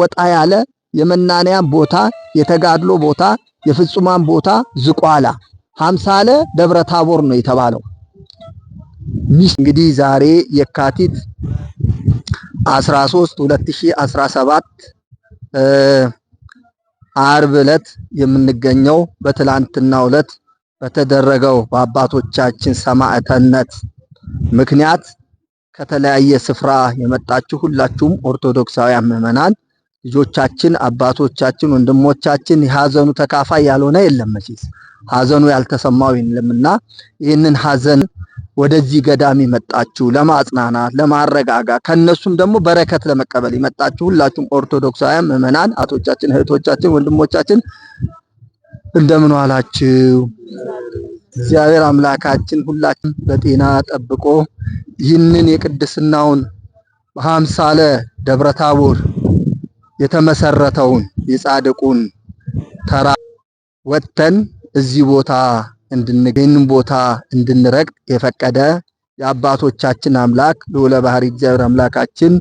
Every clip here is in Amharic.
ወጣ ያለ የመናንያን ቦታ፣ የተጋድሎ ቦታ፣ የፍጹማን ቦታ ዝቋላ ሀምሳለ ደብረ ታቦር ነው የተባለው። እንግዲህ ዛሬ የካቲት 13 2017 አርብ ዕለት የምንገኘው በትላንትናው ዕለት በተደረገው በአባቶቻችን ሰማዕትነት ምክንያት ከተለያየ ስፍራ የመጣችሁ ሁላችሁም ኦርቶዶክሳውያን ምዕመናን ልጆቻችን፣ አባቶቻችን፣ ወንድሞቻችን የሀዘኑ ተካፋይ ያልሆነ የለም። መቼስ ሐዘኑ ያልተሰማው የለምና ይህንን ሀዘን ወደዚህ ገዳም የመጣችሁ ለማጽናናት፣ ለማረጋጋት ከነሱም ደግሞ በረከት ለመቀበል የመጣችሁ ሁላችሁም ኦርቶዶክሳውያን ምዕመናን አቶቻችን፣ እህቶቻችን፣ ወንድሞቻችን እንደምን ዋላችሁ? እግዚአብሔር አምላካችን ሁላችን በጤና ጠብቆ ይህንን የቅድስናውን በሀምሳለ ደብረ ታቦር የተመሰረተውን የጻድቁን ተራ ወጥተን እዚህ ቦታ እንድንገኝ ቦታ እንድንረቅ የፈቀደ የአባቶቻችን አምላክ ልዑለ ባህሪ እግዚአብሔር አምላካችን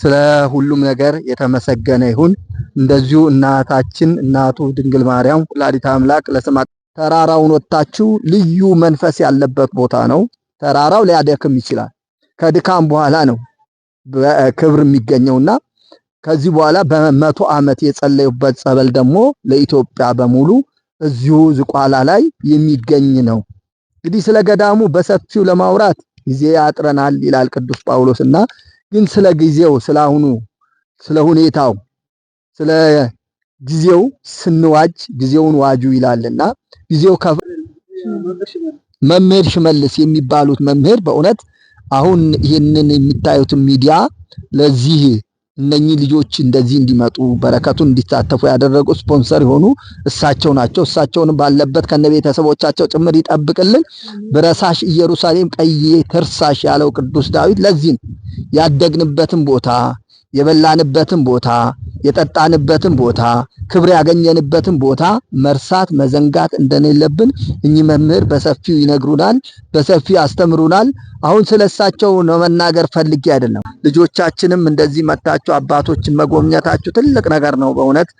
ስለ ሁሉም ነገር የተመሰገነ ይሁን። እንደዚሁ እናታችን እናቱ ድንግል ማርያም ወላዲተ አምላክ ለስማ ተራራውን ወጥታችሁ ልዩ መንፈስ ያለበት ቦታ ነው። ተራራው ሊያደክም ይችላል። ከድካም በኋላ ነው ክብር የሚገኘውና ከዚህ በኋላ በመቶ ዓመት የጸለዩበት ጸበል ደግሞ ለኢትዮጵያ በሙሉ እዚሁ ዝቋላ ላይ የሚገኝ ነው። እንግዲህ ስለ ገዳሙ በሰፊው ለማውራት ጊዜ ያጥረናል ይላል ቅዱስ ጳውሎስ እና ግን ስለ ጊዜው ስለ አሁኑ ስለ ሁኔታው ስለ ጊዜው ስንዋጅ ጊዜውን ዋጁ ይላልና ጊዜው መምህር ሽመልስ የሚባሉት መምህር በእውነት አሁን ይህንን የሚታዩትን ሚዲያ ለዚህ እነኚህ ልጆች እንደዚህ እንዲመጡ በረከቱን እንዲሳተፉ ያደረጉ ስፖንሰር የሆኑ እሳቸው ናቸው። እሳቸውን ባለበት ከነ ቤተሰቦቻቸው ጭምር ይጠብቅልን። ብረሳሽ ኢየሩሳሌም ቀይ ትርሳሽ ያለው ቅዱስ ዳዊት ለዚህ ነው። ያደግንበትን ቦታ የበላንበትን ቦታ የጠጣንበትን ቦታ ክብር ያገኘንበትን ቦታ መርሳት መዘንጋት እንደሌለብን እኚህ መምህር በሰፊው ይነግሩናል፣ በሰፊው ያስተምሩናል። አሁን ስለሳቸው ነው መናገር ፈልጌ አይደለም። ልጆቻችንም እንደዚህ መታችሁ አባቶችን መጎብኘታችሁ ትልቅ ነገር ነው በእውነት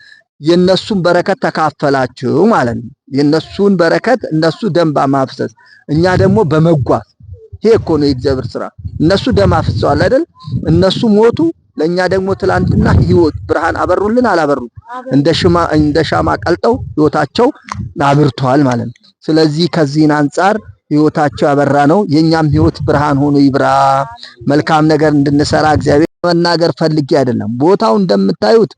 የነሱን በረከት ተካፈላችሁ ማለት ነው። የነሱን በረከት እነሱ ደም በማፍሰስ እኛ ደግሞ በመጓዝ ይሄ እኮ ነው የእግዚአብሔር ስራ። እነሱ ደም አፍሰዋል አይደል? እነሱ ሞቱ፣ ለእኛ ደግሞ ትላንትና ህይወት ብርሃን አበሩልን አላበሩ፣ እንደ ሻማ ቀልጠው ህይወታቸው አብርተዋል ማለት ነው። ስለዚህ ከዚህን አንጻር ህይወታቸው ያበራ ነው። የኛም ህይወት ብርሃን ሆኖ ይብራ። መልካም ነገር እንድንሰራ እግዚአብሔር መናገር ፈልጌ አይደለም። ቦታው እንደምታዩት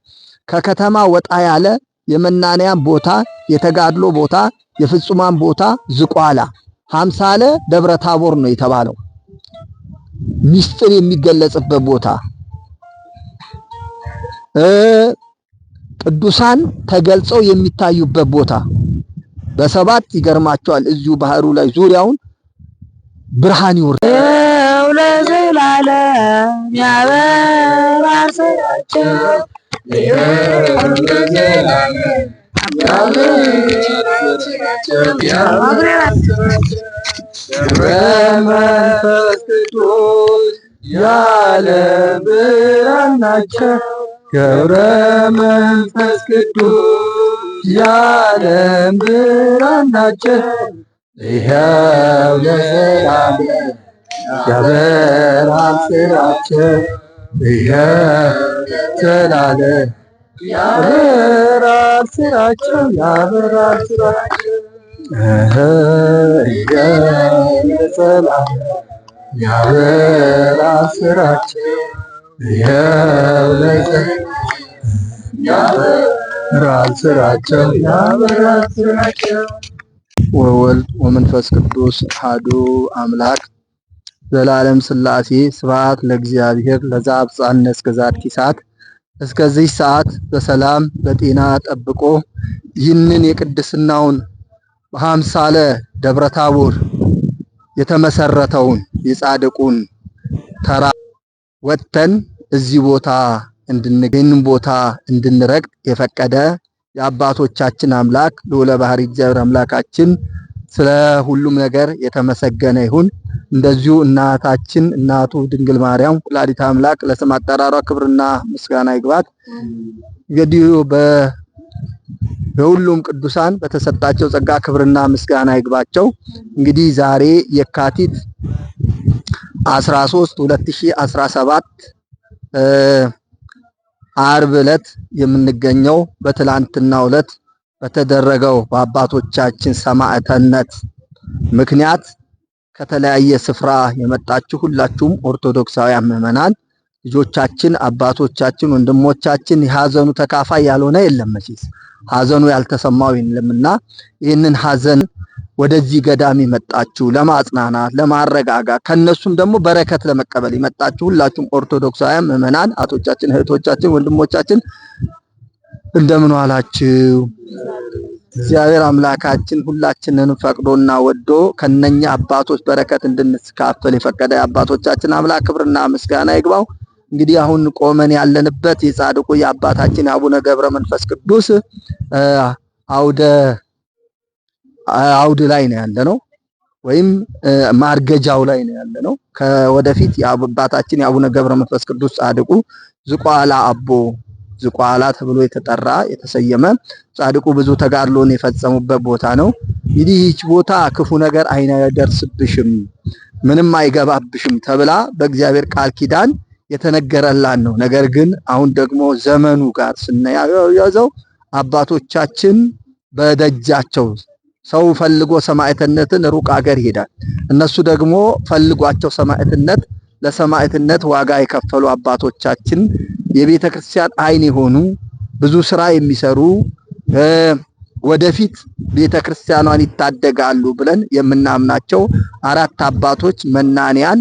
ከከተማ ወጣ ያለ የመናንያ ቦታ፣ የተጋድሎ ቦታ፣ የፍጹማን ቦታ ዝቋላ ሀምሳለ ደብረ ታቦር ነው የተባለው ሚስጥር የሚገለጽበት ቦታ ቅዱሳን ተገልጸው የሚታዩበት ቦታ በሰባት ይገርማቸዋል። እዚሁ ባህሩ ላይ ዙሪያውን ብርሃን ይወርዳል። ለዘላለም ያበራ በመንፈስ ቅዱስ ያለ ብርሃን ናቸው ገብረ መንፈስ ቅዱስ የዓለም ብርሃን ናቸው። ይኸው ለዘላለም ያበራል ስራቸው። ይኸው ለዘላለም ያበራል ስራቸው። ያበራል ስራቸው። ይኸው ስራቸው። ይኸው ለዘላለም ራል ስራቸው ያበራል ስራቸው ወወልድ ወመንፈስ ቅዱስ አሐዱ አምላክ ዘላለም ሥላሴ ስብሐት ለእግዚአብሔር ለዘአብጽሐነ እስከ ዛቲ ሰዓት። እስከዚህ ሰዓት በሰላም በጤና ጠብቆ ይህንን የቅድስናውን በሐምሳለ ደብረ ታቦር የተመሰረተውን የጻድቁን ተራ ወጥተን እዚህ ቦታ እንድንገኝ ቦታ እንድንረግጥ የፈቀደ የአባቶቻችን አምላክ ልዑለ ባህሪ እግዚአብሔር አምላካችን ስለ ሁሉም ነገር የተመሰገነ ይሁን። እንደዚሁ እናታችን እናቱ ድንግል ማርያም ወላዲተ አምላክ ለስም አጠራሯ ክብርና ምስጋና ይግባት። እንግዲህ በሁሉም ቅዱሳን በተሰጣቸው ጸጋ ክብርና ምስጋና ይግባቸው። እንግዲህ ዛሬ የካቲት 13 2017 አርብ ዕለት የምንገኘው በትላንትና ዕለት በተደረገው በአባቶቻችን ሰማዕትነት ምክንያት ከተለያየ ስፍራ የመጣችሁ ሁላችሁም ኦርቶዶክሳውያን ምዕመናን ልጆቻችን፣ አባቶቻችን፣ ወንድሞቻችን የሀዘኑ ተካፋይ ያልሆነ የለም። መቼስ ሀዘኑ ያልተሰማው የለምና ይህንን ሀዘን ወደዚህ ገዳም መጣችሁ ለማጽናናት፣ ለማረጋጋት ከነሱም ደግሞ በረከት ለመቀበል የመጣችሁ ሁላችሁም ኦርቶዶክሳውያን ምዕመናን አቶቻችን፣ እህቶቻችን፣ ወንድሞቻችን እንደምን ዋላችሁ? እግዚአብሔር አምላካችን ሁላችንን ፈቅዶና ወዶ ከነኛ አባቶች በረከት እንድንስካፈል የፈቀደ አባቶቻችን አምላክ ክብርና ምስጋና ይግባው። እንግዲህ አሁን ቆመን ያለንበት የጻድቁ የአባታችን አቡነ ገብረ መንፈስ ቅዱስ አውደ አውድ ላይ ነው ነው ወይም ማርገጃው ላይ ነው ነው። ከወደፊት የአባታችን የአቡነ ገብረ መንፈስ ቅዱስ ጻድቁ ዝቋላ አቦ ዝቋላ ተብሎ የተጠራ የተሰየመ ጻድቁ ብዙ ተጋድሎን የፈጸሙበት ቦታ ነው። እንግዲህ ቦታ ክፉ ነገር አይነደርስብሽም፣ ምንም አይገባብሽም ተብላ በእግዚአብሔር ቃል ኪዳን የተነገረላን ነው። ነገር ግን አሁን ደግሞ ዘመኑ ጋር ስናያዘው አባቶቻችን በደጃቸው ሰው ፈልጎ ሰማዕትነትን ሩቅ አገር ይሄዳል። እነሱ ደግሞ ፈልጓቸው ሰማዕትነት ለሰማዕትነት ዋጋ የከፈሉ አባቶቻችን የቤተ ክርስቲያን ዓይን የሆኑ ብዙ ስራ የሚሰሩ ወደፊት ቤተ ክርስቲያኗን ይታደጋሉ ብለን የምናምናቸው አራት አባቶች መናንያን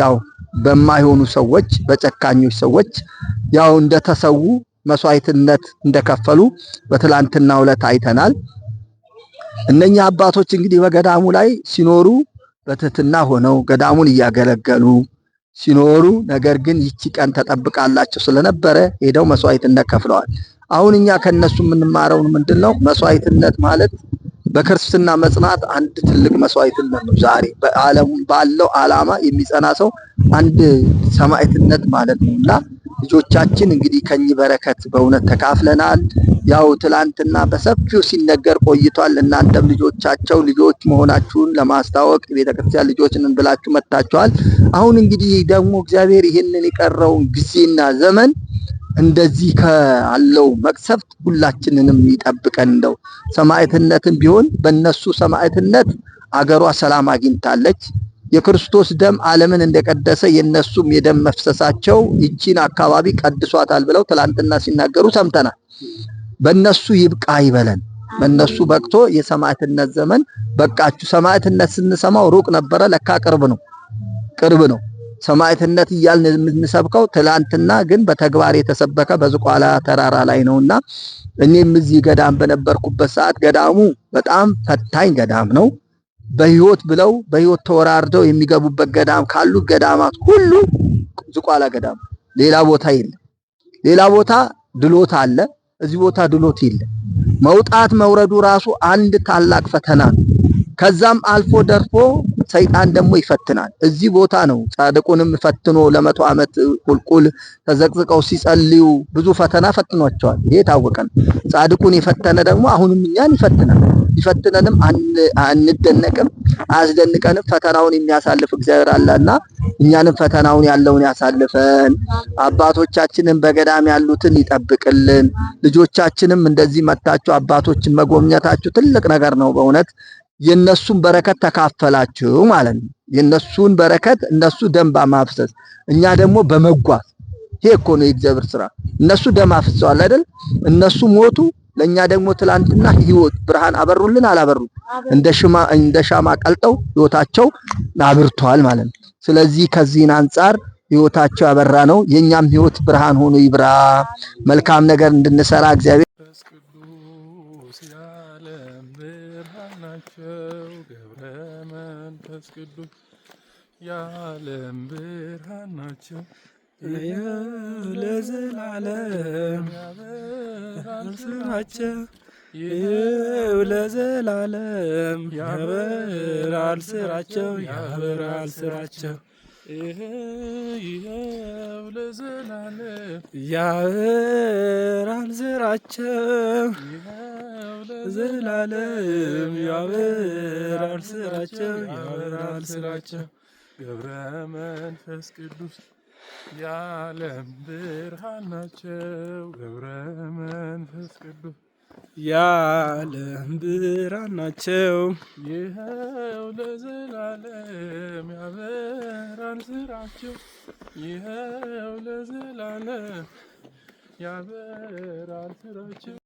ያው በማይሆኑ ሰዎች በጨካኞች ሰዎች ያው እንደተሰዉ መስዋዕትነት እንደከፈሉ በትላንትናው ዕለት አይተናል። እነኛ አባቶች እንግዲህ በገዳሙ ላይ ሲኖሩ በትህትና ሆነው ገዳሙን እያገለገሉ ሲኖሩ፣ ነገር ግን ይቺ ቀን ተጠብቃላቸው ስለነበረ ሄደው መስዋዕትነት ከፍለዋል። አሁን እኛ ከነሱ የምንማረው ምንድን ነው? መስዋዕትነት ማለት በክርስትና መጽናት አንድ ትልቅ መስዋዕትነት ነው። ዛሬ በዓለም ባለው ዓላማ የሚጸና ሰው አንድ ሰማዕትነት ማለት ነው እና ልጆቻችን እንግዲህ ከኚህ በረከት በእውነት ተካፍለናል። ያው ትላንትና በሰፊው ሲነገር ቆይቷል። እናንተም ልጆቻቸው ልጆች መሆናችሁን ለማስታወቅ ቤተክርስቲያን ልጆችን ብላችሁ መጥታችኋል። አሁን እንግዲህ ደግሞ እግዚአብሔር ይህንን የቀረውን ጊዜና ዘመን እንደዚህ ካለው መቅሰፍት ሁላችንንም ይጠብቀን። እንደው ሰማዕትነትም ቢሆን በእነሱ ሰማዕትነት አገሯ ሰላም አግኝታለች። የክርስቶስ ደም ዓለምን እንደቀደሰ የነሱም የደም መፍሰሳቸው ይቺን አካባቢ ቀድሷታል ብለው ትላንትና ሲናገሩ ሰምተናል። በእነሱ ይብቃ ይበለን። በእነሱ በቅቶ የሰማዕትነት ዘመን በቃችሁ። ሰማዕትነት ስንሰማው ሩቅ ነበረ፣ ለካ ቅርብ ነው፣ ቅርብ ነው ሰማዕትነት እያልን የምንሰብከው ትላንትና ግን በተግባር የተሰበከ በዝቋላ ተራራ ላይ ነውና እኔም እዚህ ገዳም በነበርኩበት ሰዓት ገዳሙ በጣም ፈታኝ ገዳም ነው። በህይወት ብለው በህይወት ተወራርደው የሚገቡበት ገዳም ካሉ ገዳማት ሁሉ ዝቋላ ገዳም ሌላ ቦታ ይል ሌላ ቦታ ድሎት አለ፣ እዚህ ቦታ ድሎት ይል መውጣት መውረዱ ራሱ አንድ ታላቅ ፈተና ነው። ከዛም አልፎ ደርፎ ሰይጣን ደግሞ ይፈትናል። እዚህ ቦታ ነው ጻድቁንም ፈትኖ ለመቶ ዓመት ቁልቁል ተዘቅዝቀው ሲጸልዩ ብዙ ፈተና ፈትኗቸዋል። ይሄ የታወቀ ነው። ጻድቁን የፈተነ ደግሞ አሁንም እኛን ይፈትናል። ቢፈትነንም አንደነቅም፣ አያስደንቀንም። ፈተናውን የሚያሳልፍ እግዚአብሔር አለና እኛንም ፈተናውን ያለውን ያሳልፈን። አባቶቻችንን በገዳም ያሉትን ይጠብቅልን። ልጆቻችንም እንደዚህ መታችሁ አባቶችን መጎብኘታችሁ ትልቅ ነገር ነው በእውነት የነሱን በረከት ተካፈላችሁ ማለት ነው። የነሱን በረከት እነሱ ደም በማፍሰስ እኛ ደግሞ በመጓዝ ይሄ እኮ ነው የእግዚአብሔር ስራ። እነሱ ደም አፍሰዋል አይደል? እነሱ ሞቱ ለኛ ደግሞ ትላንትና ህይወት ብርሃን አበሩልን አላበሩ እንደ ሽማ እንደ ሻማ ቀልጠው ህይወታቸው አብርቷል ማለት ነው። ስለዚህ ከዚህን አንጻር ህይወታቸው ያበራ ነው። የኛም ህይወት ብርሃን ሆኖ ይብራ። መልካም ነገር እንድንሰራ እግዚአብሔር ያለም ብርሃን ናቸው። ለዘላለም ስራቸው ይው ለዘላለም ያበራል ስራቸው ያበራል ስራቸው ይኸው ለዘላለም ያበራል ስራቸው ዘላለም ያበራል ስራቸው ያበራል ስራቸው ገብረ መንፈስ ቅዱስ የዓለም ብርሃን ናቸው ገብረ መንፈስ ቅዱስ የዓለም ብርሃን ናቸው። ይኸው ለዘላለም ያበራል ስራቸው። ይኸው ለዘላለም ያበራል ስራቸው።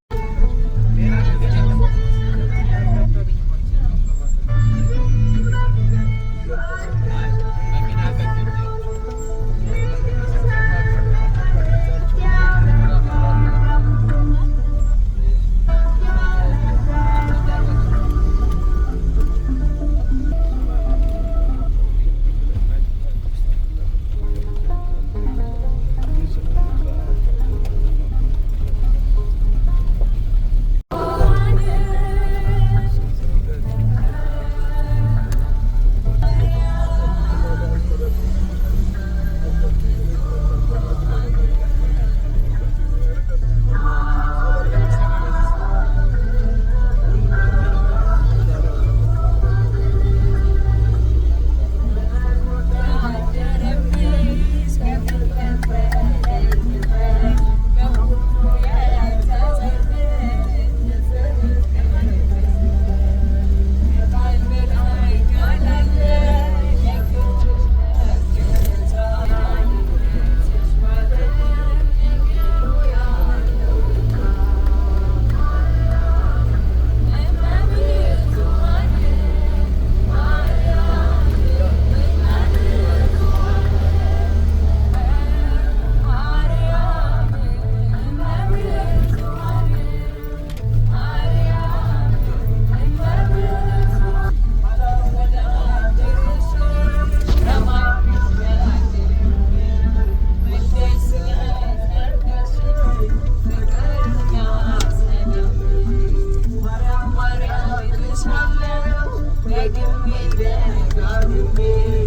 give me that, God, you